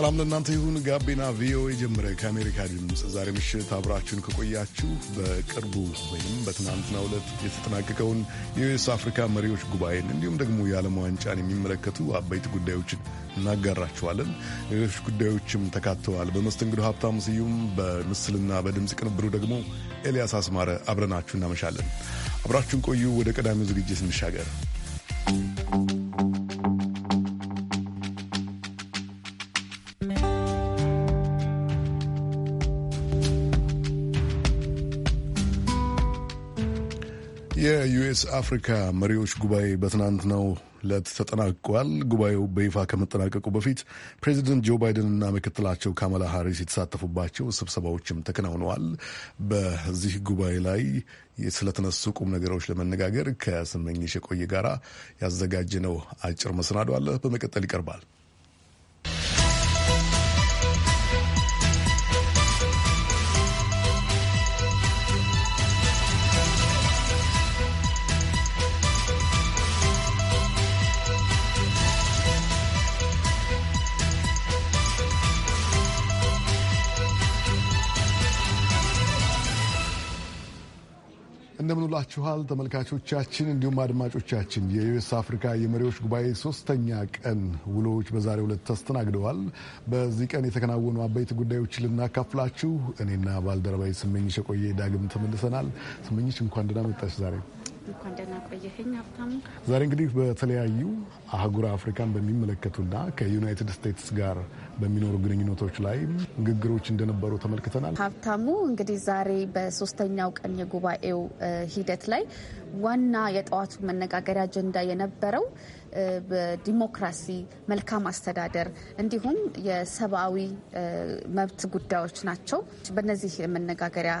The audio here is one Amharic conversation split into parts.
ሰላም ለእናንተ ይሁን። ጋቢና ቪኦኤ ጀምረ ከአሜሪካ ድምፅ ዛሬ ምሽት አብራችሁን ከቆያችሁ በቅርቡ ወይም በትናንትናው ዕለት የተጠናቀቀውን የዩኤስ አፍሪካ መሪዎች ጉባኤን እንዲሁም ደግሞ የዓለም ዋንጫን የሚመለከቱ አበይት ጉዳዮችን እናጋራችኋለን። ሌሎች ጉዳዮችም ተካተዋል። በመስተንግዶ ሀብታሙ ስዩም፣ በምስልና በድምፅ ቅንብሩ ደግሞ ኤልያስ አስማረ አብረናችሁ እናመሻለን። አብራችሁን ቆዩ። ወደ ቀዳሚው ዝግጅት እንሻገር። የዩኤስ አፍሪካ መሪዎች ጉባኤ በትናንትናው ዕለት ተጠናቋል። ጉባኤው በይፋ ከመጠናቀቁ በፊት ፕሬዚደንት ጆ ባይደን እና ምክትላቸው ካማላ ሀሪስ የተሳተፉባቸው ስብሰባዎችም ተከናውነዋል። በዚህ ጉባኤ ላይ ስለተነሱ ቁም ነገሮች ለመነጋገር ከስመኝሽ የቆየ ጋራ ያዘጋጀነው አጭር መሰናዶ አለ። በመቀጠል ይቀርባል። እንደምናምሽታችኋል ተመልካቾቻችን፣ እንዲሁም አድማጮቻችን። የዩኤስ አፍሪካ የመሪዎች ጉባኤ ሶስተኛ ቀን ውሎዎች በዛሬው ዕለት ተስተናግደዋል። በዚህ ቀን የተከናወኑ አበይት ጉዳዮች ልናካፍላችሁ እኔና ባልደረባዊ ስመኝሽ የቆየ ዳግም ተመልሰናል። ስመኝሽ እንኳን ደህና መጣሽ ዛሬ እንኳን ደህና ቆየኸኝ ሀብታሙ። ዛሬ እንግዲህ በተለያዩ አህጉር አፍሪካን በሚመለከቱና ከዩናይትድ ስቴትስ ጋር በሚኖሩ ግንኙነቶች ላይ ንግግሮች እንደነበሩ ተመልክተናል። ሀብታሙ እንግዲህ ዛሬ በሶስተኛው ቀን የጉባኤው ሂደት ላይ ዋና የጠዋቱ መነጋገሪያ አጀንዳ የነበረው በዲሞክራሲ መልካም አስተዳደር እንዲሁም የሰብአዊ መብት ጉዳዮች ናቸው። በእነዚህ መነጋገሪያ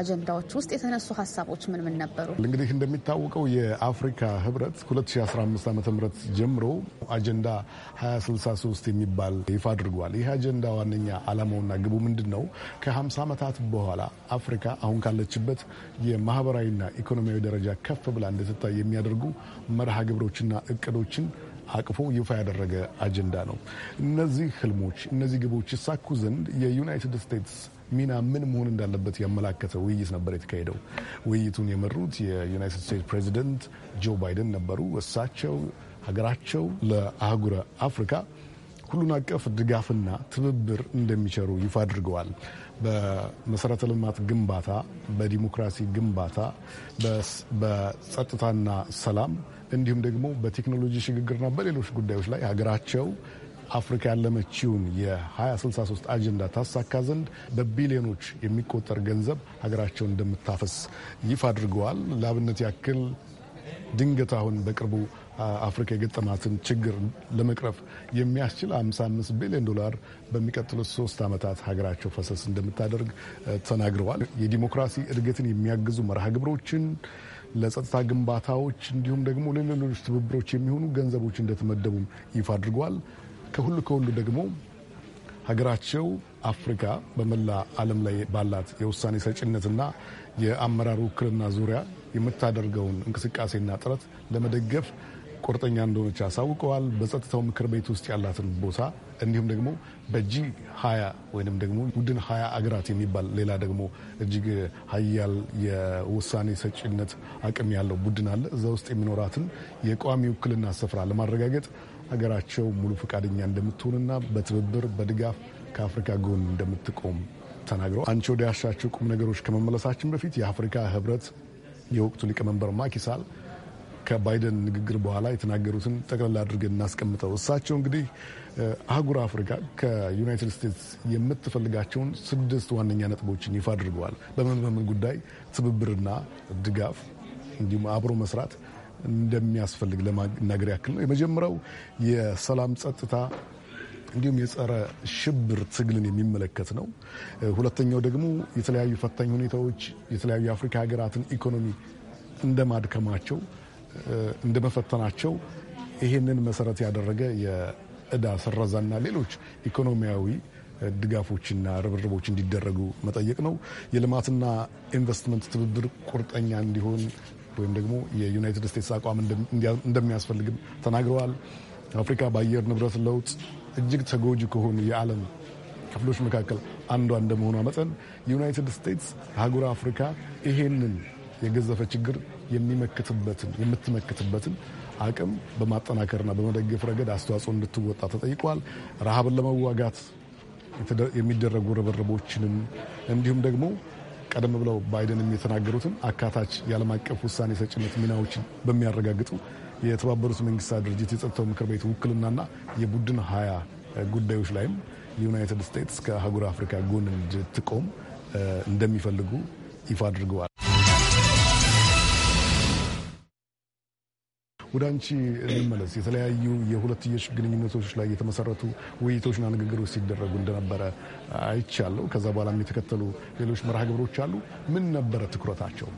አጀንዳዎች ውስጥ የተነሱ ሀሳቦች ምን ምን ነበሩ? እንግዲህ እንደሚታወቀው የአፍሪካ ህብረት 2015 ዓ ም ጀምሮ አጀንዳ 2063 የሚባል ይፋ አድርጓል። ይህ አጀንዳ ዋነኛ ዓላማውና ግቡ ምንድን ነው? ከ50 ዓመታት በኋላ አፍሪካ አሁን ካለችበት የማህበራዊና ኢኮኖሚያዊ ደረጃ ከፍ ብላ እንድትታይ የሚያደርጉ መርሃ ግብሮችና እቅዶች እቅዶችን አቅፎ ይፋ ያደረገ አጀንዳ ነው። እነዚህ ህልሞች፣ እነዚህ ግቦች ይሳኩ ዘንድ የዩናይትድ ስቴትስ ሚና ምን መሆን እንዳለበት ያመላከተ ውይይት ነበር የተካሄደው። ውይይቱን የመሩት የዩናይትድ ስቴትስ ፕሬዚደንት ጆ ባይደን ነበሩ። እሳቸው ሀገራቸው ለአህጉረ አፍሪካ ሁሉን አቀፍ ድጋፍና ትብብር እንደሚቸሩ ይፋ አድርገዋል። በመሰረተ ልማት ግንባታ፣ በዲሞክራሲ ግንባታ፣ በጸጥታና ሰላም እንዲሁም ደግሞ በቴክኖሎጂ ሽግግርና በሌሎች ጉዳዮች ላይ ሀገራቸው አፍሪካ ያለመችውን የ2063 አጀንዳ ታሳካ ዘንድ በቢሊዮኖች የሚቆጠር ገንዘብ ሀገራቸውን እንደምታፈስ ይፋ አድርገዋል። ለአብነት ያክል ድንገት አሁን በቅርቡ አፍሪካ የገጠማትን ችግር ለመቅረፍ የሚያስችል 55 ቢሊዮን ዶላር በሚቀጥሉት ሶስት ዓመታት ሀገራቸው ፈሰስ እንደምታደርግ ተናግረዋል። የዲሞክራሲ እድገትን የሚያግዙ መርሃ ግብሮችን ለጸጥታ ግንባታዎች እንዲሁም ደግሞ ለሌሎች ትብብሮች የሚሆኑ ገንዘቦች እንደተመደቡም ይፋ አድርጓል። ከሁሉ ከሁሉ ደግሞ ሀገራቸው አፍሪካ በመላ ዓለም ላይ ባላት የውሳኔ ሰጭነትና የአመራር ውክልና ዙሪያ የምታደርገውን እንቅስቃሴና ጥረት ለመደገፍ ቁርጠኛ እንደሆነች አሳውቀዋል። በጸጥታው ምክር ቤት ውስጥ ያላትን ቦታ እንዲሁም ደግሞ በጂ ሀያ ወይም ደግሞ ቡድን ሀያ አገራት የሚባል ሌላ ደግሞ እጅግ ሀያል የውሳኔ ሰጪነት አቅም ያለው ቡድን አለ። እዛ ውስጥ የሚኖራትን የቋሚ ውክልና ስፍራ ለማረጋገጥ ሀገራቸው ሙሉ ፈቃደኛ እንደምትሆንና በትብብር በድጋፍ ከአፍሪካ ጎን እንደምትቆም ተናግረ አንቺ ወደ ያሻቸው ቁም ነገሮች ከመመለሳችን በፊት የአፍሪካ ህብረት የወቅቱ ሊቀመንበር ማኪሳል ከባይደን ንግግር በኋላ የተናገሩትን ጠቅላላ አድርገን እናስቀምጠው። እሳቸው እንግዲህ አህጉር አፍሪካ ከዩናይትድ ስቴትስ የምትፈልጋቸውን ስድስት ዋነኛ ነጥቦችን ይፋ አድርገዋል። በምን በምን ጉዳይ ትብብርና ድጋፍ እንዲሁም አብሮ መስራት እንደሚያስፈልግ ለማናገር ያክል ነው። የመጀመሪያው የሰላም ጸጥታ፣ እንዲሁም የጸረ ሽብር ትግልን የሚመለከት ነው። ሁለተኛው ደግሞ የተለያዩ ፈታኝ ሁኔታዎች የተለያዩ የአፍሪካ ሀገራትን ኢኮኖሚ እንደማድከማቸው እንደመፈተናቸው ይህንን መሰረት ያደረገ የእዳ ስረዛና ሌሎች ኢኮኖሚያዊ ድጋፎችና ርብርቦች እንዲደረጉ መጠየቅ ነው። የልማትና ኢንቨስትመንት ትብብር ቁርጠኛ እንዲሆን ወይም ደግሞ የዩናይትድ ስቴትስ አቋም እንደሚያስፈልግም ተናግረዋል። አፍሪካ በአየር ንብረት ለውጥ እጅግ ተጎጂ ከሆኑ የዓለም ክፍሎች መካከል አንዷ እንደመሆኗ መጠን ዩናይትድ ስቴትስ አህጉረ አፍሪካ ይሄንን የገዘፈ ችግር የሚመክትበትን የምትመክትበትን አቅም በማጠናከርና በመደገፍ ረገድ አስተዋጽኦ እንድትወጣ ተጠይቋል። ረሃብን ለመዋጋት የሚደረጉ ርብርቦችንም እንዲሁም ደግሞ ቀደም ብለው ባይደንም የተናገሩትን አካታች የዓለም አቀፍ ውሳኔ ሰጭነት ሚናዎችን በሚያረጋግጡ የተባበሩት መንግስታት ድርጅት የጸጥታው ምክር ቤት ውክልናና የቡድን ሀያ ጉዳዮች ላይም ዩናይትድ ስቴትስ ከአህጉር አፍሪካ ጎን እንድትቆም እንደሚፈልጉ ይፋ አድርገዋል። ወደ አንቺ እንመለስ። የተለያዩ የሁለትዮሽ ግንኙነቶች ላይ የተመሰረቱ ውይይቶችና ንግግሮች ሲደረጉ እንደነበረ አይቻለሁ። ከዛ በኋላም የተከተሉ ሌሎች መርሃ ግብሮች አሉ። ምን ነበረ ትኩረታቸው?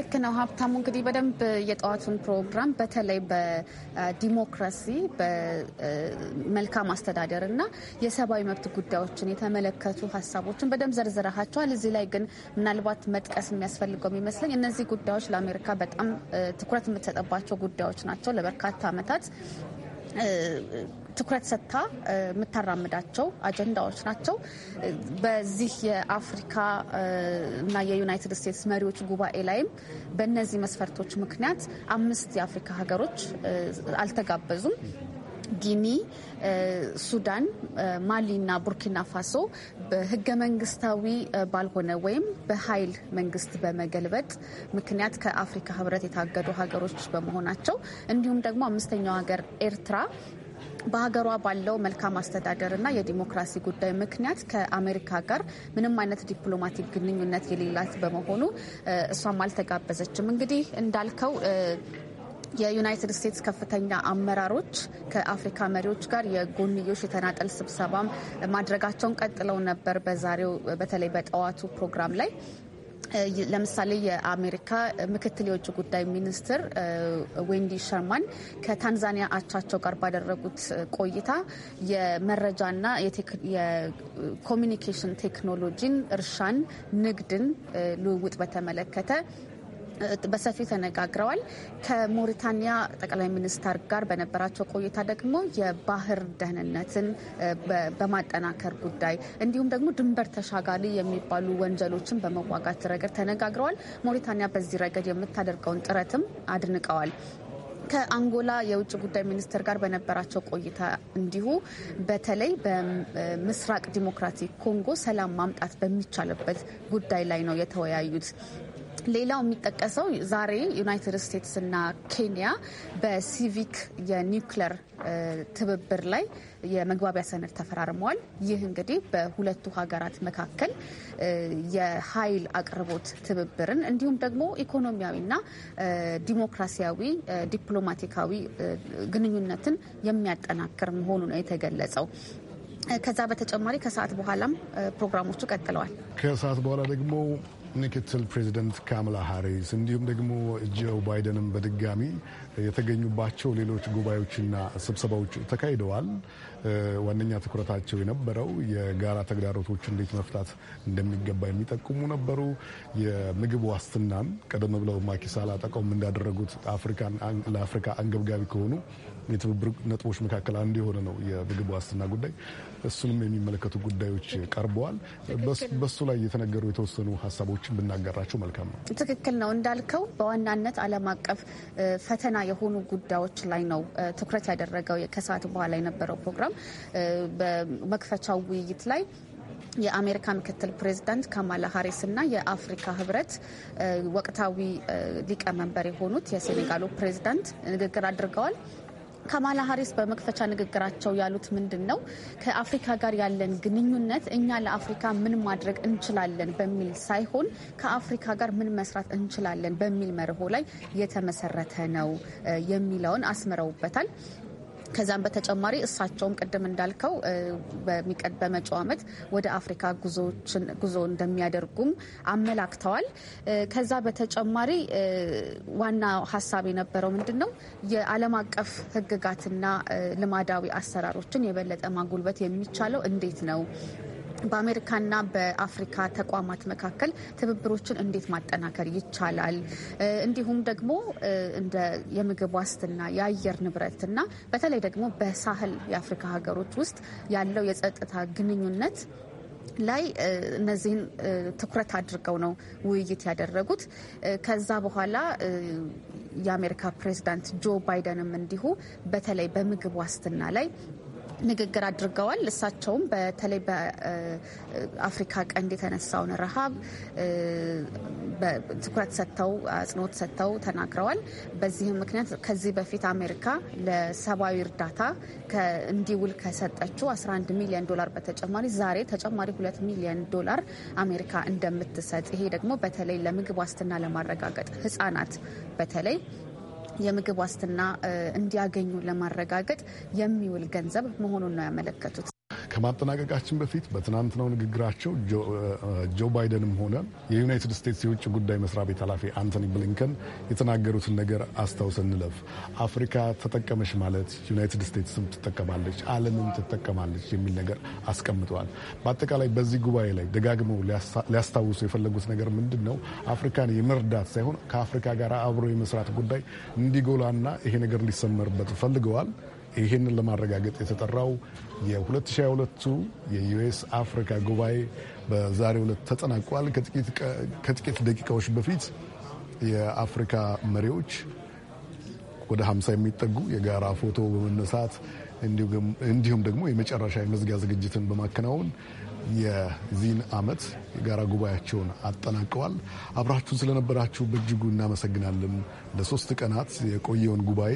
ልክ ነው ሀብታሙ። እንግዲህ በደንብ የጠዋቱን ፕሮግራም በተለይ በዲሞክራሲ በመልካም አስተዳደር እና የሰብአዊ መብት ጉዳዮችን የተመለከቱ ሀሳቦችን በደንብ ዘርዝረሃቸዋል። እዚህ ላይ ግን ምናልባት መጥቀስ የሚያስፈልገው የሚመስለኝ እነዚህ ጉዳዮች ለአሜሪካ በጣም ትኩረት የምትሰጠባቸው ጉዳዮች ሰዎች ናቸው። ለበርካታ ዓመታት ትኩረት ሰጥታ የምታራምዳቸው አጀንዳዎች ናቸው። በዚህ የአፍሪካ እና የዩናይትድ ስቴትስ መሪዎች ጉባኤ ላይም በእነዚህ መስፈርቶች ምክንያት አምስት የአፍሪካ ሀገሮች አልተጋበዙም። ጊኒ፣ ሱዳን፣ ማሊ እና ቡርኪና ፋሶ በህገ መንግስታዊ ባልሆነ ወይም በኃይል መንግስት በመገልበጥ ምክንያት ከአፍሪካ ህብረት የታገዱ ሀገሮች በመሆናቸው እንዲሁም ደግሞ አምስተኛው ሀገር ኤርትራ በሀገሯ ባለው መልካም አስተዳደርና የዲሞክራሲ ጉዳይ ምክንያት ከአሜሪካ ጋር ምንም አይነት ዲፕሎማቲክ ግንኙነት የሌላት በመሆኑ እሷም አልተጋበዘችም። እንግዲህ እንዳልከው የዩናይትድ ስቴትስ ከፍተኛ አመራሮች ከአፍሪካ መሪዎች ጋር የጎንዮሽ የተናጠል ስብሰባ ማድረጋቸውን ቀጥለው ነበር። በዛሬው በተለይ በጠዋቱ ፕሮግራም ላይ ለምሳሌ የአሜሪካ ምክትል የውጭ ጉዳይ ሚኒስትር ዌንዲ ሸርማን ከታንዛኒያ አቻቸው ጋር ባደረጉት ቆይታ የመረጃና የኮሚኒኬሽን ቴክኖሎጂን፣ እርሻን፣ ንግድን ልውውጥ በተመለከተ በሰፊው ተነጋግረዋል። ከሞሪታኒያ ጠቅላይ ሚኒስተር ጋር በነበራቸው ቆይታ ደግሞ የባህር ደህንነትን በማጠናከር ጉዳይ እንዲሁም ደግሞ ድንበር ተሻጋሪ የሚባሉ ወንጀሎችን በመዋጋት ረገድ ተነጋግረዋል። ሞሪታኒያ በዚህ ረገድ የምታደርገውን ጥረትም አድንቀዋል። ከአንጎላ የውጭ ጉዳይ ሚኒስትር ጋር በነበራቸው ቆይታ እንዲሁ በተለይ በምስራቅ ዲሞክራቲክ ኮንጎ ሰላም ማምጣት በሚቻልበት ጉዳይ ላይ ነው የተወያዩት። ሌላው የሚጠቀሰው ዛሬ ዩናይትድ እና ኬንያ በሲቪክ የኒውክለር ትብብር ላይ የመግባቢያ ሰነድ ተፈራርመዋል። ይህ እንግዲህ በሁለቱ ሀገራት መካከል የኃይል አቅርቦት ትብብርን እንዲሁም ደግሞ ኢኮኖሚያዊና ዲሞክራሲያዊ ዲፕሎማቲካዊ ግንኙነትን የሚያጠናክር መሆኑ ነው የተገለጸው። ከዛ በተጨማሪ ከሰዓት በኋላም ፕሮግራሞቹ ቀጥለዋል። ከሰዓት በኋላ ደግሞ ምክትል ፕሬዚደንት ካምላ ሃሪስ እንዲሁም ደግሞ ጆ ባይደንም በድጋሚ የተገኙባቸው ሌሎች ጉባኤዎችና ስብሰባዎች ተካሂደዋል። ዋነኛ ትኩረታቸው የነበረው የጋራ ተግዳሮቶች እንዴት መፍታት እንደሚገባ የሚጠቁሙ ነበሩ። የምግብ ዋስትናን ቀደም ብለው ማኪሳላ ጠቀም እንዳደረጉት ለአፍሪካ አንገብጋቢ ከሆኑ የትብብር ነጥቦች መካከል አንዱ የሆነ ነው የምግብ ዋስትና ጉዳይ። እሱንም የሚመለከቱ ጉዳዮች ቀርበዋል። በሱ ላይ የተነገሩ የተወሰኑ ሀሳቦችን ብናገራቸው መልካም ነው። ትክክል ነው እንዳልከው በዋናነት ዓለም አቀፍ ፈተና የሆኑ ጉዳዮች ላይ ነው ትኩረት ያደረገው ከሰዓት በኋላ የነበረው ፕሮግራም በመክፈቻው ውይይት ላይ የአሜሪካ ምክትል ፕሬዚዳንት ካማላ ሀሪስ እና የአፍሪካ ህብረት ወቅታዊ ሊቀመንበር የሆኑት የሴኔጋሉ ፕሬዚዳንት ንግግር አድርገዋል። ካማላ ሀሪስ በመክፈቻ ንግግራቸው ያሉት ምንድን ነው? ከአፍሪካ ጋር ያለን ግንኙነት እኛ ለአፍሪካ ምን ማድረግ እንችላለን በሚል ሳይሆን ከአፍሪካ ጋር ምን መስራት እንችላለን በሚል መርሆ ላይ የተመሰረተ ነው የሚለውን አስምረውበታል። ከዚያም በተጨማሪ እሳቸውም ቅድም እንዳልከው በመጪው ዓመት ወደ አፍሪካ ጉዞ እንደሚያደርጉም አመላክተዋል። ከዛ በተጨማሪ ዋና ሀሳብ የነበረው ምንድን ነው የዓለም አቀፍ ሕግጋትና ልማዳዊ አሰራሮችን የበለጠ ማጉልበት የሚቻለው እንዴት ነው? በአሜሪካና በአፍሪካ ተቋማት መካከል ትብብሮችን እንዴት ማጠናከር ይቻላል? እንዲሁም ደግሞ እንደ የምግብ ዋስትና፣ የአየር ንብረትና በተለይ ደግሞ በሳህል የአፍሪካ ሀገሮች ውስጥ ያለው የጸጥታ ግንኙነት ላይ እነዚህን ትኩረት አድርገው ነው ውይይት ያደረጉት። ከዛ በኋላ የአሜሪካ ፕሬዚዳንት ጆ ባይደንም እንዲሁ በተለይ በምግብ ዋስትና ላይ ንግግር አድርገዋል። እሳቸውም በተለይ በአፍሪካ ቀንድ የተነሳውን ረሃብ ትኩረት ሰጥተው አጽንኦት ሰጥተው ተናግረዋል። በዚህም ምክንያት ከዚህ በፊት አሜሪካ ለሰብአዊ እርዳታ እንዲውል ከሰጠችው 11 ሚሊዮን ዶላር በተጨማሪ ዛሬ ተጨማሪ 2 ሚሊዮን ዶላር አሜሪካ እንደምትሰጥ ይሄ ደግሞ በተለይ ለምግብ ዋስትና ለማረጋገጥ ህጻናት በተለይ የምግብ ዋስትና እንዲያገኙ ለማረጋገጥ የሚውል ገንዘብ መሆኑን ነው ያመለከቱት። ከማጠናቀቃችን በፊት በትናንትናው ንግግራቸው ጆ ባይደንም ሆነ የዩናይትድ ስቴትስ የውጭ ጉዳይ መስሪያ ቤት ኃላፊ አንቶኒ ብሊንከን የተናገሩትን ነገር አስታውሰን እንለፍ። አፍሪካ ተጠቀመች ማለት ዩናይትድ ስቴትስም ትጠቀማለች፣ ዓለምም ትጠቀማለች የሚል ነገር አስቀምጠዋል። በአጠቃላይ በዚህ ጉባኤ ላይ ደጋግመው ሊያስታውሱ የፈለጉት ነገር ምንድን ነው? አፍሪካን የመርዳት ሳይሆን ከአፍሪካ ጋር አብሮ የመስራት ጉዳይ እንዲጎላና ይሄ ነገር እንዲሰመርበት ፈልገዋል። ይህንን ለማረጋገጥ የተጠራው የ2022 የዩኤስ አፍሪካ ጉባኤ በዛሬ ዕለት ተጠናቋል። ከጥቂት ደቂቃዎች በፊት የአፍሪካ መሪዎች ወደ 50 የሚጠጉ የጋራ ፎቶ በመነሳት እንዲሁም ደግሞ የመጨረሻ የመዝጊያ ዝግጅትን በማከናወን የዚህን ዓመት የጋራ ጉባኤያቸውን አጠናቀዋል። አብራችሁን ስለነበራችሁ በእጅጉ እናመሰግናለን። ለሶስት ቀናት የቆየውን ጉባኤ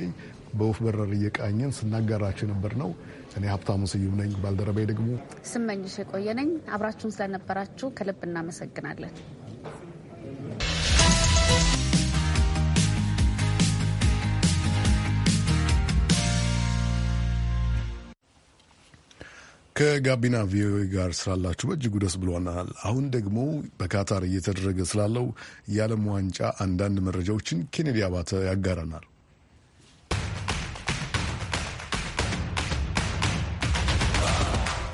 በወፍ በረር እየቃኘን ስናጋራችሁ የነበር ነው። እኔ ሀብታሙ ስዩም ነኝ፣ ባልደረባይ ደግሞ ስመኝሽ የቆየ ነኝ። አብራችሁን ስለነበራችሁ ከልብ እናመሰግናለን። ከጋቢና ቪኦኤ ጋር ስላላችሁ በእጅጉ ደስ ብሎናል። አሁን ደግሞ በካታር እየተደረገ ስላለው የዓለም ዋንጫ አንዳንድ መረጃዎችን ኬኔዲ አባተ ያጋራናል።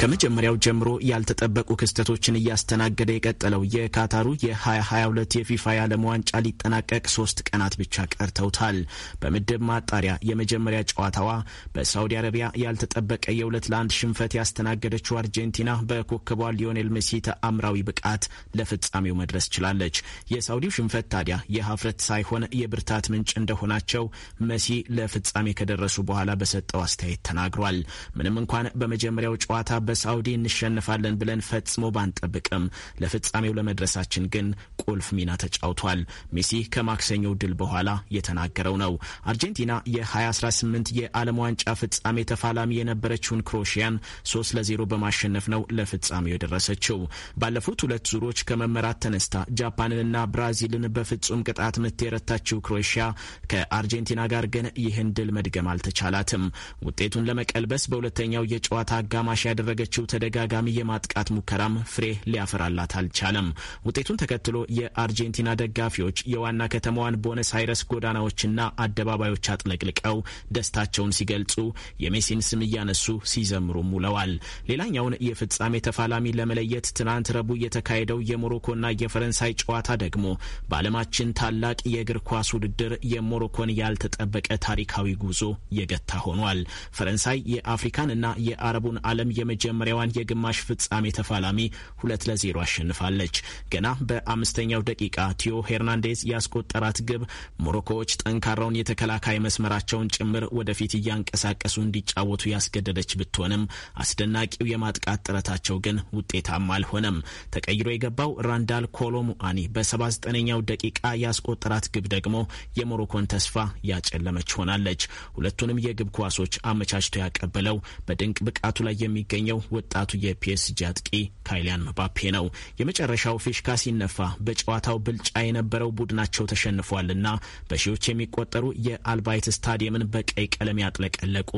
ከመጀመሪያው ጀምሮ ያልተጠበቁ ክስተቶችን እያስተናገደ የቀጠለው የካታሩ የ2022 የፊፋ የዓለም ዋንጫ ሊጠናቀቅ ሶስት ቀናት ብቻ ቀርተውታል። በምድብ ማጣሪያ የመጀመሪያ ጨዋታዋ በሳውዲ አረቢያ ያልተጠበቀ የሁለት ለአንድ ሽንፈት ያስተናገደችው አርጀንቲና በኮከቧ ሊዮኔል ሜሲ ተአምራዊ ብቃት ለፍጻሜው መድረስ ችላለች። የሳውዲው ሽንፈት ታዲያ የሀፍረት ሳይሆን የብርታት ምንጭ እንደሆናቸው መሲ ለፍጻሜ ከደረሱ በኋላ በሰጠው አስተያየት ተናግሯል። ምንም እንኳን በመጀመሪያው ጨዋታ በሳውዲ እንሸንፋለን ብለን ፈጽሞ ባንጠብቅም ለፍጻሜው ለመድረሳችን ግን ቁልፍ ሚና ተጫውቷል። ሜሲ ከማክሰኞው ድል በኋላ የተናገረው ነው። አርጀንቲና የ2018 የዓለም ዋንጫ ፍጻሜ ተፋላሚ የነበረችውን ክሮሽያን 3 ለ0 በማሸነፍ ነው ለፍጻሜው የደረሰችው። ባለፉት ሁለት ዙሮች ከመመራት ተነስታ ጃፓንንና ብራዚልን በፍጹም ቅጣት ምት የረታችው ክሮኤሽያ ከአርጀንቲና ጋር ግን ይህን ድል መድገም አልተቻላትም። ውጤቱን ለመቀልበስ በሁለተኛው የጨዋታ አጋማሽ ያደረገ ያደረገችው ተደጋጋሚ የማጥቃት ሙከራም ፍሬ ሊያፈራላት አልቻለም። ውጤቱን ተከትሎ የአርጀንቲና ደጋፊዎች የዋና ከተማዋን ቦነስ አይረስ ጎዳናዎችና አደባባዮች አጥለቅልቀው ደስታቸውን ሲገልጹ የሜሲን ስም እያነሱ ሲዘምሩም ውለዋል። ሌላኛውን የፍጻሜ ተፋላሚ ለመለየት ትናንት ረቡዕ የተካሄደው የሞሮኮና የፈረንሳይ ጨዋታ ደግሞ በዓለማችን ታላቅ የእግር ኳስ ውድድር የሞሮኮን ያልተጠበቀ ታሪካዊ ጉዞ የገታ ሆኗል። ፈረንሳይ የአፍሪካን እና የአረቡን ዓለም የመጀ የመጀመሪያዋን የግማሽ ፍጻሜ ተፋላሚ ሁለት ለዜሮ አሸንፋለች። ገና በአምስተኛው ደቂቃ ቲዮ ሄርናንዴዝ ያስቆጠራት ግብ ሞሮኮዎች ጠንካራውን የተከላካይ መስመራቸውን ጭምር ወደፊት እያንቀሳቀሱ እንዲጫወቱ ያስገደደች ብትሆንም አስደናቂው የማጥቃት ጥረታቸው ግን ውጤታማ አልሆነም። ተቀይሮ የገባው ራንዳል ኮሎሙአኒ በ79ኛው ደቂቃ ያስቆጠራት ግብ ደግሞ የሞሮኮን ተስፋ ያጨለመች ሆናለች። ሁለቱንም የግብ ኳሶች አመቻችቶ ያቀበለው በድንቅ ብቃቱ ላይ የሚገኘው ያደረገው ወጣቱ የፒኤስጂ አጥቂ ካይሊያን መባፔ ነው። የመጨረሻው ፊሽካ ሲነፋ በጨዋታው ብልጫ የነበረው ቡድናቸው ተሸንፏልና በሺዎች የሚቆጠሩ የአልባይት ስታዲየምን በቀይ ቀለም ያጥለቀለቁ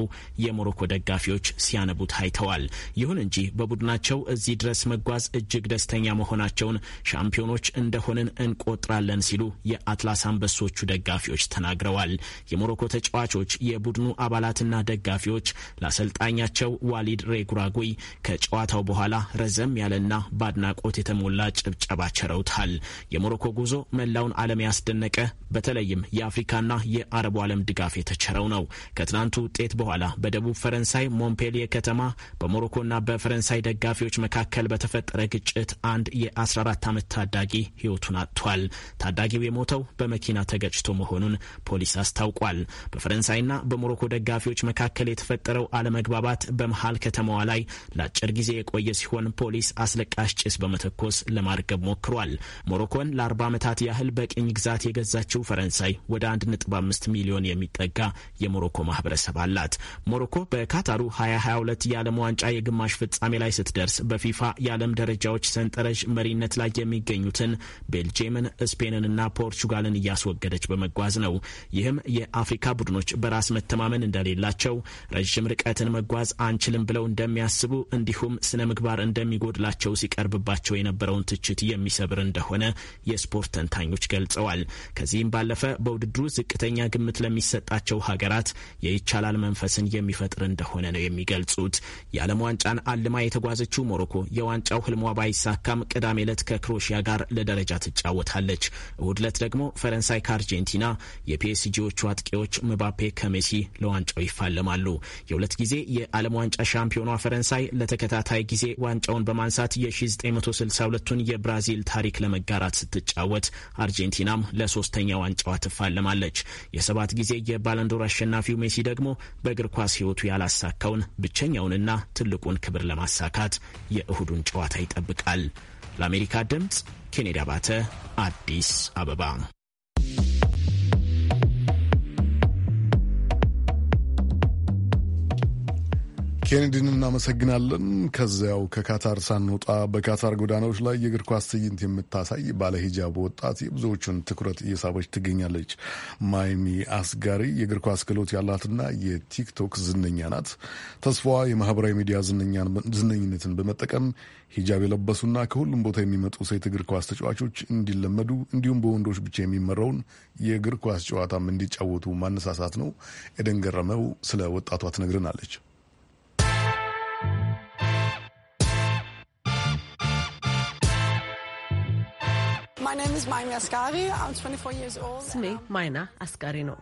የሞሮኮ ደጋፊዎች ሲያነቡ ታይተዋል። ይሁን እንጂ በቡድናቸው እዚህ ድረስ መጓዝ እጅግ ደስተኛ መሆናቸውን ሻምፒዮኖች እንደሆንን እንቆጥራለን ሲሉ የአትላስ አንበሶቹ ደጋፊዎች ተናግረዋል። የሞሮኮ ተጫዋቾች፣ የቡድኑ አባላትና ደጋፊዎች ለአሰልጣኛቸው ዋሊድ ሬጉራጉይ ከጨዋታው በኋላ ረዘም ያለና በአድናቆት የተሞላ ጭብጨባ ቸረውታል። የሞሮኮ ጉዞ መላውን ዓለም ያስደነቀ በተለይም የአፍሪካና የአረቡ ዓለም ድጋፍ የተቸረው ነው። ከትናንቱ ውጤት በኋላ በደቡብ ፈረንሳይ ሞምፔሊየ ከተማ በሞሮኮና በፈረንሳይ ደጋፊዎች መካከል በተፈጠረ ግጭት አንድ የ14 ዓመት ታዳጊ ህይወቱን አጥቷል። ታዳጊው የሞተው በመኪና ተገጭቶ መሆኑን ፖሊስ አስታውቋል። በፈረንሳይና በሞሮኮ ደጋፊዎች መካከል የተፈጠረው አለመግባባት በመሀል ከተማዋ ላይ ለአጭር ጊዜ የቆየ ሲሆን ፖሊስ አስለቃሽ ጭስ በመተኮስ ለማርገብ ሞክሯል። ሞሮኮን ለ40 ዓመታት ያህል በቅኝ ግዛት የገዛችው ፈረንሳይ ወደ 1.5 ሚሊዮን የሚጠጋ የሞሮኮ ማህበረሰብ አላት። ሞሮኮ በካታሩ 2022 የዓለም ዋንጫ የግማሽ ፍጻሜ ላይ ስትደርስ በፊፋ የዓለም ደረጃዎች ሰንጠረዥ መሪነት ላይ የሚገኙትን ቤልጅየምን፣ ስፔንንና ፖርቹጋልን እያስወገደች በመጓዝ ነው። ይህም የአፍሪካ ቡድኖች በራስ መተማመን እንደሌላቸው ረዥም ርቀትን መጓዝ አንችልም ብለው እንደሚያስቡ የሚያስቡ እንዲሁም ስነ ምግባር እንደሚጎድላቸው ሲቀርብባቸው የነበረውን ትችት የሚሰብር እንደሆነ የስፖርት ተንታኞች ገልጸዋል። ከዚህም ባለፈ በውድድሩ ዝቅተኛ ግምት ለሚሰጣቸው ሀገራት የይቻላል መንፈስን የሚፈጥር እንደሆነ ነው የሚገልጹት። የዓለም ዋንጫን አልማ የተጓዘችው ሞሮኮ የዋንጫው ህልሟ ባይሳካም ቅዳሜ ዕለት ከክሮሺያ ጋር ለደረጃ ትጫወታለች። እሁድ ዕለት ደግሞ ፈረንሳይ ከአርጀንቲና፣ የፒኤስጂዎቹ አጥቂዎች ምባፔ ከሜሲ ለዋንጫው ይፋለማሉ። የሁለት ጊዜ የዓለም ዋንጫ ሻምፒዮኗ ፈረንሳይ ተከታታይ ለተከታታይ ጊዜ ዋንጫውን በማንሳት የ1962ቱን የብራዚል ታሪክ ለመጋራት ስትጫወት አርጀንቲናም ለሶስተኛ ዋንጫዋ ትፋለማለች። የሰባት ጊዜ የባለንዶር አሸናፊው ሜሲ ደግሞ በእግር ኳስ ሕይወቱ ያላሳካውን ብቸኛውንና ትልቁን ክብር ለማሳካት የእሁዱን ጨዋታ ይጠብቃል። ለአሜሪካ ድምፅ ኬኔዲ አባተ አዲስ አበባ ኬኔዲን እናመሰግናለን። ከዚያው ከካታር ሳንወጣ በካታር ጎዳናዎች ላይ የእግር ኳስ ትዕይንት የምታሳይ ባለሂጃብ ወጣት የብዙዎቹን ትኩረት እየሳበች ትገኛለች። ማይሚ አስጋሪ የእግር ኳስ ክህሎት ያላትና የቲክቶክ ዝነኛ ናት። ተስፋዋ የማህበራዊ ሚዲያ ዝነኝነትን በመጠቀም ሂጃብ የለበሱና ከሁሉም ቦታ የሚመጡ ሴት እግር ኳስ ተጫዋቾች እንዲለመዱ እንዲሁም በወንዶች ብቻ የሚመራውን የእግር ኳስ ጨዋታም እንዲጫወቱ ማነሳሳት ነው። ኤደን ገረመው ስለ ወጣቷ ትነግረናለች። ስሜ ማይና አስጋሪ ነው።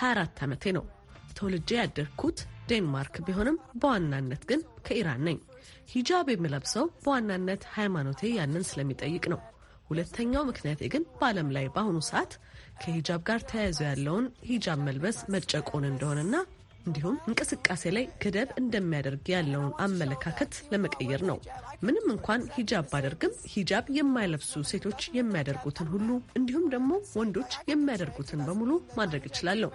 24 ዓመቴ ነው። ተወልጄ ያደግኩት ዴንማርክ ቢሆንም በዋናነት ግን ከኢራን ነኝ። ሂጃብ የምለብሰው በዋናነት ሃይማኖቴ ያንን ስለሚጠይቅ ነው። ሁለተኛው ምክንያቴ ግን በዓለም ላይ በአሁኑ ሰዓት ከሂጃብ ጋር ተያይዞ ያለውን ሂጃብ መልበስ መጨቆን እንደሆነና እንዲሁም እንቅስቃሴ ላይ ገደብ እንደሚያደርግ ያለውን አመለካከት ለመቀየር ነው። ምንም እንኳን ሂጃብ ባደርግም ሂጃብ የማይለብሱ ሴቶች የሚያደርጉትን ሁሉ እንዲሁም ደግሞ ወንዶች የሚያደርጉትን በሙሉ ማድረግ እችላለሁ።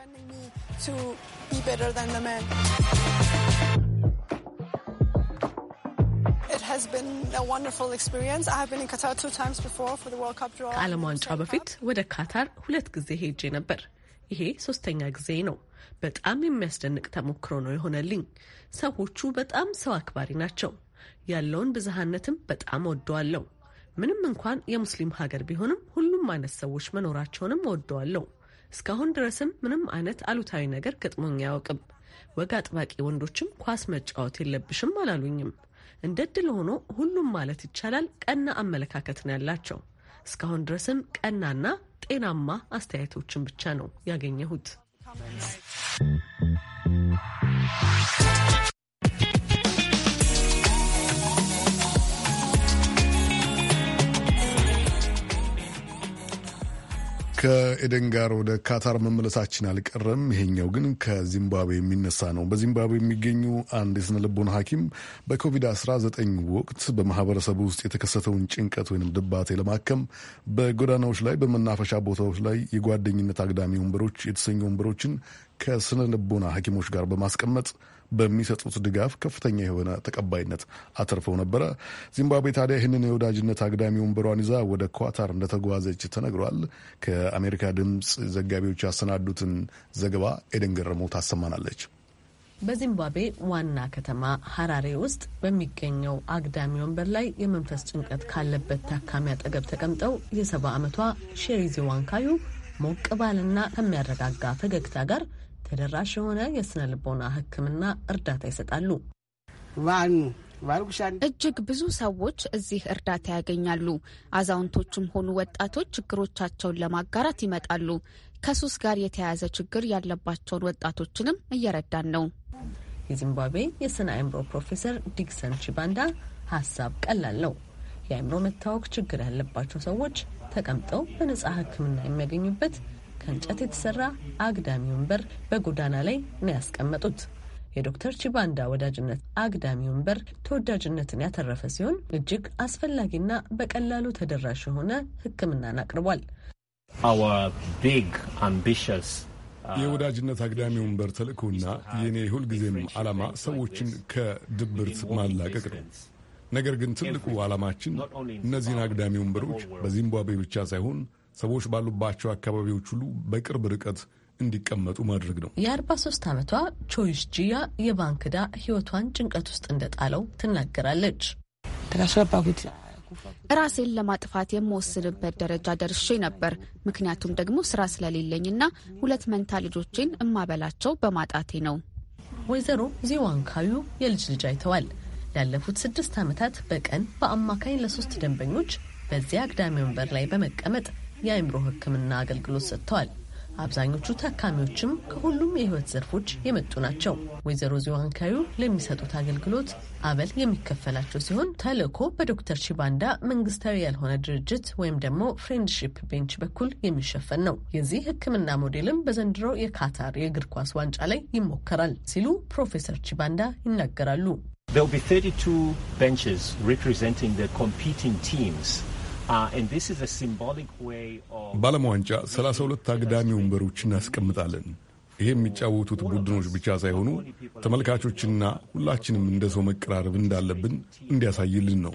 ከዓለም ዋንጫ በፊት ወደ ካታር ሁለት ጊዜ ሄጄ ነበር። ይሄ ሶስተኛ ጊዜ ነው። በጣም የሚያስደንቅ ተሞክሮ ነው የሆነልኝ። ሰዎቹ በጣም ሰው አክባሪ ናቸው። ያለውን ብዝሃነትም በጣም ወደዋለሁ። ምንም እንኳን የሙስሊም ሀገር ቢሆንም ሁሉም አይነት ሰዎች መኖራቸውንም ወደዋለሁ። እስካሁን ድረስም ምንም አይነት አሉታዊ ነገር ገጥሞኝ አያውቅም። ወግ አጥባቂ ወንዶችም ኳስ መጫወት የለብሽም አላሉኝም። እንደ ድል ሆኖ ሁሉም ማለት ይቻላል ቀና አመለካከት ነው ያላቸው። እስካሁን ድረስም ቀናና ጤናማ አስተያየቶችን ብቻ ነው ያገኘሁት። comments. ከኤደን ጋር ወደ ካታር መመለሳችን አልቀረም። ይሄኛው ግን ከዚምባብዌ የሚነሳ ነው። በዚምባብዌ የሚገኙ አንድ የስነ ልቦና ሐኪም በኮቪድ-19 ወቅት በማህበረሰቡ ውስጥ የተከሰተውን ጭንቀት ወይም ድባቴ ለማከም በጎዳናዎች ላይ፣ በመናፈሻ ቦታዎች ላይ የጓደኝነት አግዳሚ ወንበሮች የተሰኙ ወንበሮችን ከስነ ልቦና ሐኪሞች ጋር በማስቀመጥ በሚሰጡት ድጋፍ ከፍተኛ የሆነ ተቀባይነት አትርፈው ነበረ። ዚምባብዌ ታዲያ ይህንን የወዳጅነት አግዳሚ ወንበሯን ይዛ ወደ ኳታር እንደተጓዘች ተነግሯል። ከአሜሪካ ድምፅ ዘጋቢዎች ያሰናዱትን ዘገባ ኤደን ገረመው ታሰማናለች። በዚምባብዌ ዋና ከተማ ሀራሬ ውስጥ በሚገኘው አግዳሚ ወንበር ላይ የመንፈስ ጭንቀት ካለበት ታካሚ አጠገብ ተቀምጠው የሰባ ዓመቷ ሼሪዚ ዋንካዩ ሞቅ ባልና ከሚያረጋጋ ፈገግታ ጋር ተደራሽ የሆነ የስነ ልቦና ሕክምና እርዳታ ይሰጣሉ። እጅግ ብዙ ሰዎች እዚህ እርዳታ ያገኛሉ። አዛውንቶችም ሆኑ ወጣቶች ችግሮቻቸውን ለማጋራት ይመጣሉ። ከሱስ ጋር የተያያዘ ችግር ያለባቸውን ወጣቶችንም እየረዳን ነው። የዚምባብዌ የስነ አእምሮ ፕሮፌሰር ዲክሰን ቺባንዳ ሀሳብ ቀላል ነው። የአእምሮ መታወክ ችግር ያለባቸው ሰዎች ተቀምጠው በነጻ ህክምና የሚያገኙበት ከእንጨት የተሰራ አግዳሚ ወንበር በጎዳና ላይ ነው ያስቀመጡት። የዶክተር ቺባንዳ ወዳጅነት አግዳሚ ወንበር ተወዳጅነትን ያተረፈ ሲሆን እጅግ አስፈላጊና በቀላሉ ተደራሽ የሆነ ሕክምናን አቅርቧል። uh, የወዳጅነት አግዳሚ ወንበር ተልእኮና የእኔ ሁልጊዜም ዓላማ ሰዎችን ከድብርት ማላቀቅ ነው። ነገር ግን ትልቁ ዓላማችን እነዚህን አግዳሚ ወንበሮች በዚምባብዌ ብቻ ሳይሆን ሰዎች ባሉባቸው አካባቢዎች ሁሉ በቅርብ ርቀት እንዲቀመጡ ማድረግ ነው። የ43 ዓመቷ ቾይስ ጂያ የባንክ ዕዳ ህይወቷን ጭንቀት ውስጥ እንደጣለው ትናገራለች። ራሴን ለማጥፋት የምወስንበት ደረጃ ደርሼ ነበር። ምክንያቱም ደግሞ ስራ ስለሌለኝና ሁለት መንታ ልጆቼን እማበላቸው በማጣቴ ነው። ወይዘሮ ዚዋንካዩ የልጅ ልጅ አይተዋል። ላለፉት ስድስት ዓመታት በቀን በአማካኝ ለሶስት ደንበኞች በዚያ አግዳሚ ወንበር ላይ በመቀመጥ የአእምሮ ሕክምና አገልግሎት ሰጥተዋል። አብዛኞቹ ታካሚዎችም ከሁሉም የህይወት ዘርፎች የመጡ ናቸው። ወይዘሮ ዚዋን ካዩ ለሚሰጡት አገልግሎት አበል የሚከፈላቸው ሲሆን ተልዕኮ በዶክተር ሺባንዳ መንግስታዊ ያልሆነ ድርጅት ወይም ደግሞ ፍሬንድሺፕ ቤንች በኩል የሚሸፈን ነው። የዚህ ህክምና ሞዴልም በዘንድሮው የካታር የእግር ኳስ ዋንጫ ላይ ይሞከራል ሲሉ ፕሮፌሰር ቺባንዳ ይናገራሉ። There be 32 benches representing the competing teams. በዓለም ዋንጫ 32 አግዳሚ ወንበሮች እናስቀምጣለን። ይህ የሚጫወቱት ቡድኖች ብቻ ሳይሆኑ ተመልካቾችና ሁላችንም እንደ ሰው መቀራረብ እንዳለብን እንዲያሳይልን ነው።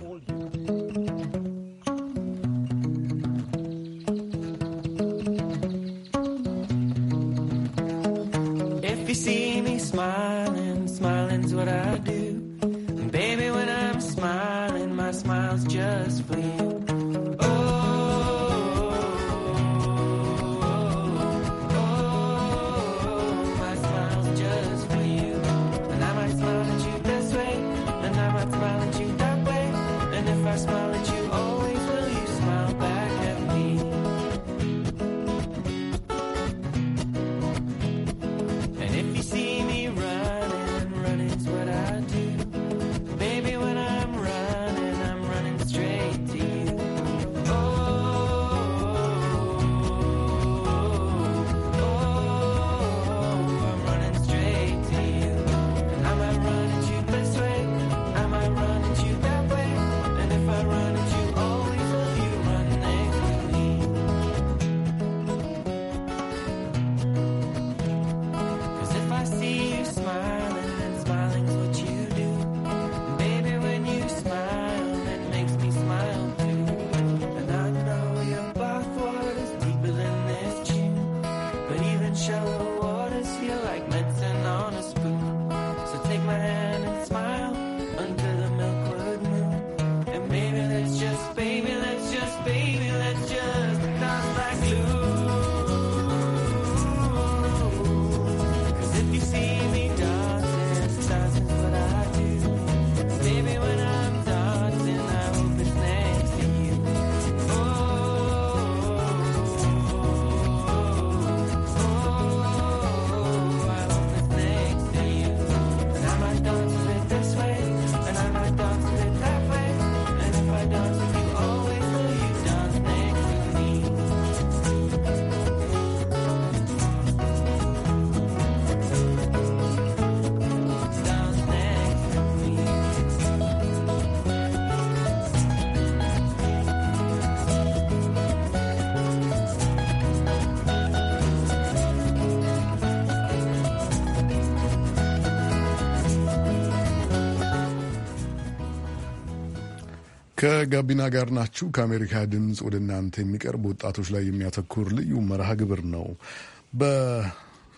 ከጋቢና ጋር ናችሁ። ከአሜሪካ ድምፅ ወደ እናንተ የሚቀርብ ወጣቶች ላይ የሚያተኩር ልዩ መርሃ ግብር ነው።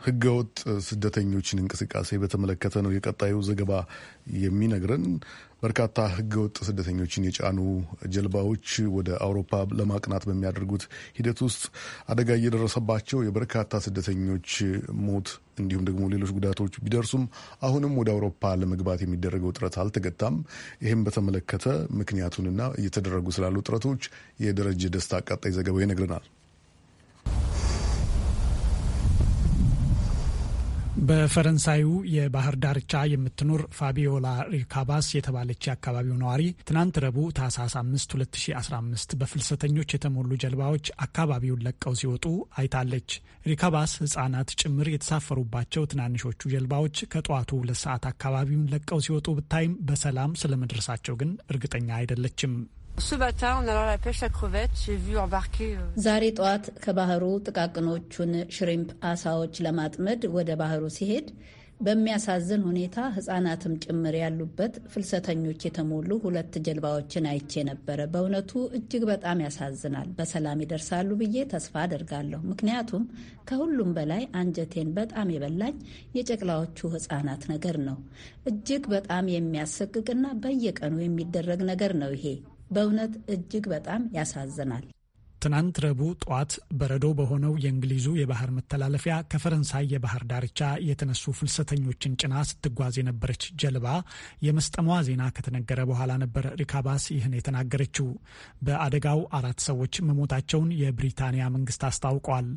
ህገወጥ ስደተኞችን እንቅስቃሴ በተመለከተ ነው የቀጣዩ ዘገባ የሚነግረን። በርካታ ህገወጥ ስደተኞችን የጫኑ ጀልባዎች ወደ አውሮፓ ለማቅናት በሚያደርጉት ሂደት ውስጥ አደጋ እየደረሰባቸው የበርካታ ስደተኞች ሞት እንዲሁም ደግሞ ሌሎች ጉዳቶች ቢደርሱም አሁንም ወደ አውሮፓ ለመግባት የሚደረገው ጥረት አልተገታም። ይህም በተመለከተ ምክንያቱንና እየተደረጉ ስላሉ ጥረቶች የደረጀ ደስታ ቀጣይ ዘገባ ይነግረናል። በፈረንሳዩ የባህር ዳርቻ የምትኖር ፋቢዮላ ሪካባስ የተባለች የአካባቢው ነዋሪ ትናንት ረቡዕ ታህሳስ 5 2015 በፍልሰተኞች የተሞሉ ጀልባዎች አካባቢውን ለቀው ሲወጡ አይታለች። ሪካባስ ሕጻናት ጭምር የተሳፈሩባቸው ትናንሾቹ ጀልባዎች ከጠዋቱ ሁለት ሰዓት አካባቢውን ለቀው ሲወጡ ብታይም በሰላም ስለመድረሳቸው ግን እርግጠኛ አይደለችም። Euh, ዛሬ ጠዋት ከባህሩ ጥቃቅኖቹን ሽሪምፕ አሳዎች ለማጥመድ ወደ ባህሩ ሲሄድ በሚያሳዝን ሁኔታ ሕጻናትም ጭምር ያሉበት ፍልሰተኞች የተሞሉ ሁለት ጀልባዎችን አይቼ ነበረ። በእውነቱ እጅግ በጣም ያሳዝናል። በሰላም ይደርሳሉ ብዬ ተስፋ አደርጋለሁ። ምክንያቱም ከሁሉም በላይ አንጀቴን በጣም የበላኝ የጨቅላዎቹ ሕጻናት ነገር ነው። እጅግ በጣም የሚያሰቅቅና በየቀኑ የሚደረግ ነገር ነው ይሄ በእውነት እጅግ በጣም ያሳዝናል። ትናንት ረቡዕ ጠዋት በረዶ በሆነው የእንግሊዙ የባህር መተላለፊያ ከፈረንሳይ የባህር ዳርቻ የተነሱ ፍልሰተኞችን ጭና ስትጓዝ የነበረች ጀልባ የመስጠሟ ዜና ከተነገረ በኋላ ነበር ሪካባስ ይህን የተናገረችው። በአደጋው አራት ሰዎች መሞታቸውን የብሪታንያ መንግስት አስታውቋል።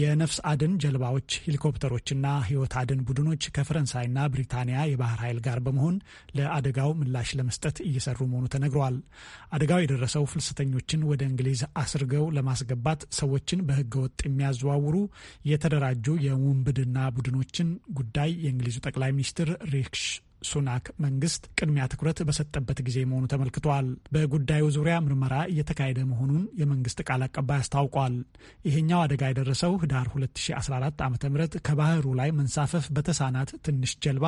የነፍስ አድን ጀልባዎች፣ ሄሊኮፕተሮችና ሕይወት አድን ቡድኖች ከፈረንሳይና ብሪታንያ የባህር ኃይል ጋር በመሆን ለአደጋው ምላሽ ለመስጠት እየሰሩ መሆኑ ተነግሯል። አደጋው የደረሰው ፍልሰተኞችን ወደ እንግሊዝ አስር አድርገው ለማስገባት ሰዎችን በህገ ወጥ የሚያዘዋውሩ የተደራጁ የውንብድና ቡድኖችን ጉዳይ የእንግሊዙ ጠቅላይ ሚኒስትር ሪክሽ ሱናክ መንግስት ቅድሚያ ትኩረት በሰጠበት ጊዜ መሆኑ ተመልክቷል። በጉዳዩ ዙሪያ ምርመራ እየተካሄደ መሆኑን የመንግስት ቃል አቀባይ አስታውቋል። ይሄኛው አደጋ የደረሰው ህዳር 2014 ዓ ም ከባህሩ ላይ መንሳፈፍ በተሳናት ትንሽ ጀልባ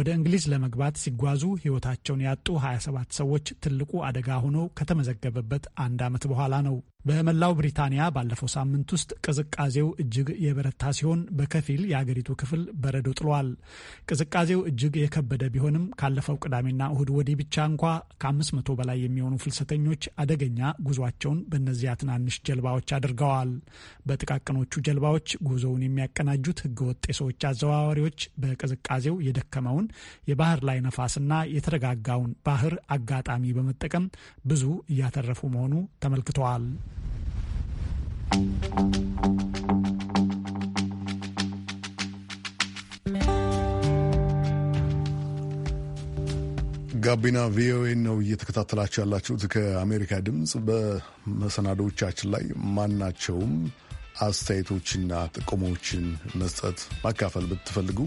ወደ እንግሊዝ ለመግባት ሲጓዙ ህይወታቸውን ያጡ 27 ሰዎች ትልቁ አደጋ ሆኖ ከተመዘገበበት አንድ ዓመት በኋላ ነው። በመላው ብሪታንያ ባለፈው ሳምንት ውስጥ ቅዝቃዜው እጅግ የበረታ ሲሆን በከፊል የአገሪቱ ክፍል በረዶ ጥሏል። ቅዝቃዜው እጅግ የከበደ ቢሆንም ካለፈው ቅዳሜና እሁድ ወዲህ ብቻ እንኳ ከ500 በላይ የሚሆኑ ፍልሰተኞች አደገኛ ጉዟቸውን በእነዚያ ትናንሽ ጀልባዎች አድርገዋል። በጥቃቅኖቹ ጀልባዎች ጉዞውን የሚያቀናጁት ህገወጥ የሰዎች አዘዋዋሪዎች በቅዝቃዜው የደከመውን የባህር ላይ ነፋስና የተረጋጋውን ባህር አጋጣሚ በመጠቀም ብዙ እያተረፉ መሆኑ ተመልክተዋል። ጋቢና ቪኦኤ ነው እየተከታተላችሁ ያላችሁት። ከአሜሪካ ድምፅ በመሰናዶዎቻችን ላይ ማናቸውም አስተያየቶችና ጥቆሞችን መስጠት ማካፈል ብትፈልጉ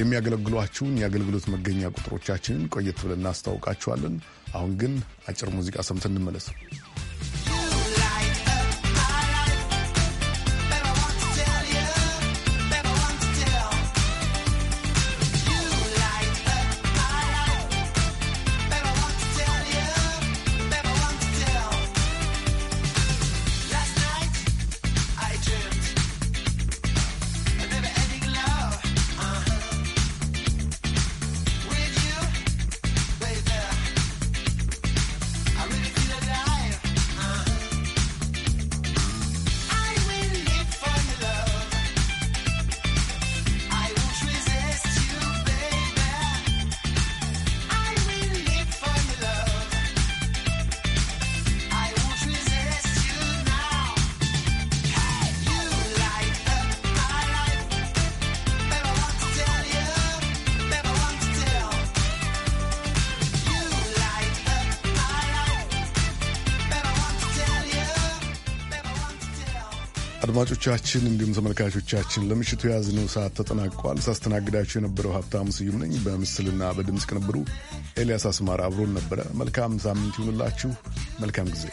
የሚያገለግሏችሁን የአገልግሎት መገኛ ቁጥሮቻችንን ቆየት ብለን እናስታውቃችኋለን። አሁን ግን አጭር ሙዚቃ ሰምተን እንመለስ። አድማጮቻችን እንዲሁም ተመልካቾቻችን ለምሽቱ የያዝነው ሰዓት ተጠናቋል። ሳስተናግዳችሁ የነበረው ሀብታሙ ስዩም ነኝ። በምስልና በድምፅ ቅንብሩ ኤልያስ አስማራ አብሮን ነበረ። መልካም ሳምንት ይሁንላችሁ። መልካም ጊዜ